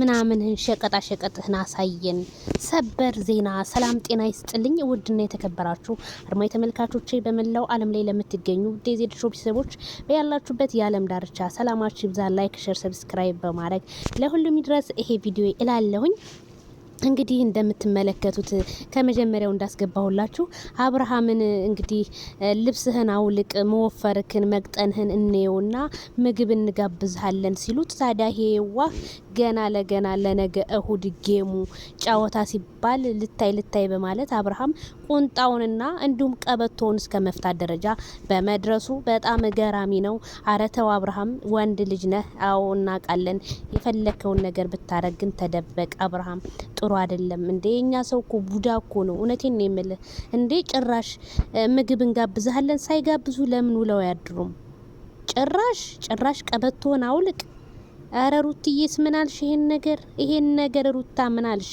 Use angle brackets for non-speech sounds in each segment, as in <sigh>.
ምናምንህን ሸቀጣ ሸቀጥህን አሳየን። ሰበር ዜና። ሰላም ጤና ይስጥልኝ። ውድና የተከበራችሁ አድማጭ ተመልካቾቼ በመላው ዓለም ላይ ለምትገኙ ዴዜድ ሾ ቤተሰቦች በያላችሁበት የዓለም ዳርቻ ሰላማችሁ ይብዛ። ላይክ፣ ሸር፣ ሰብስክራይብ በማድረግ ለሁሉም ይድረስ ይሄ ቪዲዮ እላለሁኝ። እንግዲህ እንደምትመለከቱት ከመጀመሪያው እንዳስገባሁላችሁ አብርሃምን እንግዲህ ልብስህን አውልቅ መወፈርክን መቅጠንህን እንየውና ምግብ እንጋብዝሃለን ሲሉት፣ ታዲያ ሄዋ ገና ለገና ለነገ እሁድ ጌሙ ጨዋታ ሲባል ልታይ ልታይ በማለት አብርሃም ቁንጣውንና እንዲሁም ቀበቶውን እስከ መፍታት ደረጃ በመድረሱ በጣም ገራሚ ነው። አረተው አብርሃም ወንድ ልጅ ነህ፣ አዎ እናውቃለን። የፈለከውን ነገር ብታረግን ተደበቅ አብርሃም ጥሩ አይደለም እንዴ! የኛ ሰው እኮ ቡዳ እኮ ነው። እውነቴን ነው የምልህ እንዴ! ጭራሽ ምግብ እንጋብዝሃለን ሳይጋብዙ ለምን ውለው ያድሩም? ጭራሽ ጭራሽ ቀበቶን አውልቅ። አረ ሩትዬስ ምን አልሽ? ይሄን ነገር ይሄን ነገር ሩታ ምን አልሽ?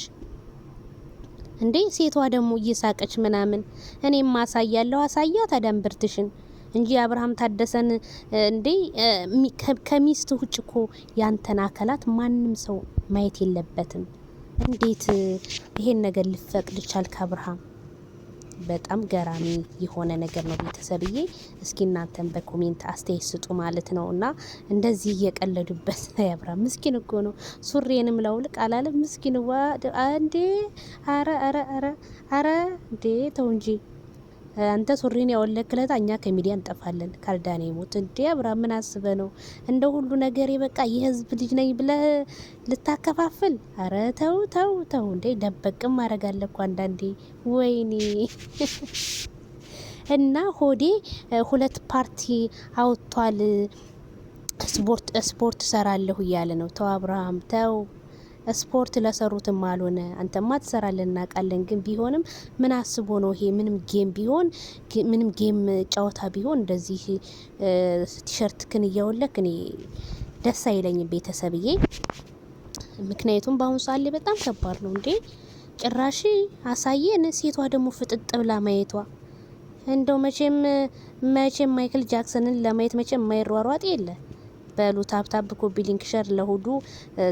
እንዴ ሴቷ ደግሞ እየሳቀች ምናምን እኔም ማሳያለሁ አሳያ አዳምብርትሽን እንጂ አብርሃም ታደሰን እንዴ ከሚስት ውጭ እኮ ያንተን አካላት ማንም ሰው ማየት የለበትም። እንዴት ይሄን ነገር ልፈቅድ ቻልክ አብርሃም? በጣም ገራሚ የሆነ ነገር ነው ቤተሰብዬ። እስኪ እናንተን በኮሜንት አስተያየት ስጡ ማለት ነው። እና እንደዚህ እየቀለዱበት ነው ያብራ ምስኪን እኮ ነው። ሱሬንም ላውልቅ አላለም ምስኪን። ዋ እንዴ! አረ አረ አረ አረ እንዴ! ተው እንጂ አንተ ሱሪን ያወለክለት እኛ ከሚዲያ እንጠፋለን። ካልዳኔ ሞት እንዴ አብርሃም ምን አስበ ነው እንደ ሁሉ ነገር በቃ የህዝብ ልጅ ነኝ ብለ ልታከፋፍል? አረ ተው ተው ተው እንዴ ደበቅም ማድረግ አለኩ አንዳንዴ። ወይኔ <laughs> እና ሆዴ ሁለት ፓርቲ አውጥቷል። ስፖርት ስፖርት ሰራለሁ እያለ ነው። ተው አብርሃም ተው። ስፖርት ለሰሩትም አልሆነ አንተማ ትሰራለን እናውቃለን። ግን ቢሆንም ምን አስቦ ነው ይሄ? ምንም ጌም ቢሆን ምንም ጌም ጨዋታ ቢሆን እንደዚህ ቲሸርት ክን እያወለክ እኔ ደስ አይለኝም ቤተሰብዬ። ምክንያቱም በአሁኑ ሰዓት ላይ በጣም ከባድ ነው እንዴ! ጭራሽ አሳየን። ሴቷ ደግሞ ፍጥጥ ብላ ማየቷ እንደው መቼም መቼም ማይክል ጃክሰንን ለማየት መቼም የማይሯሯጥ የለ በሉ ታብታብ፣ ኮፒ ሊንክ ሸር ለሁዱ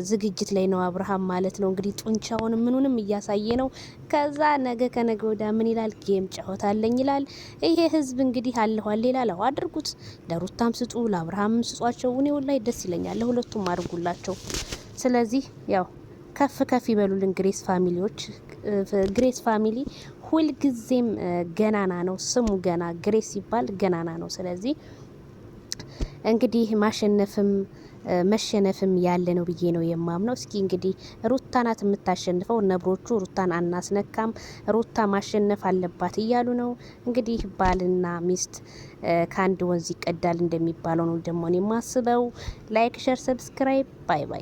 ዝግጅት ላይ ነው አብርሃም ማለት ነው። እንግዲህ ጡንቻውን ምኑንም እያሳየ ነው። ከዛ ነገ ከነገ ወዳ ምን ይላል? ጌም ጨዋታ አለኝ ይላል። ይሄ ህዝብ እንግዲህ አለኋል ይላል። ለው አድርጉት፣ ለሩታም ስጡ፣ ለአብርሃምም ስጧቸው። እኔ ላይ ደስ ይለኛል፣ ለሁለቱም አድርጉላቸው። ስለዚህ ያው ከፍ ከፍ ይበሉልን ግሬስ ፋሚሊዎች። ግሬስ ፋሚሊ ሁልጊዜም ገናና ነው ስሙ። ገና ግሬስ ሲባል ገናና ነው። ስለዚህ እንግዲህ ማሸነፍም መሸነፍም ያለ ነው ብዬ ነው የማምነው። እስኪ እንግዲህ ሩታ ናት የምታሸንፈው። ነብሮቹ ሩታን አናስነካም፣ ሩታ ማሸነፍ አለባት እያሉ ነው። እንግዲህ ባልና ሚስት ከአንድ ወንዝ ይቀዳል እንደሚባለው ነው ደግሞ እኔ የማስበው። ላይክ፣ ሸር፣ ሰብስክራይብ። ባይ ባይ።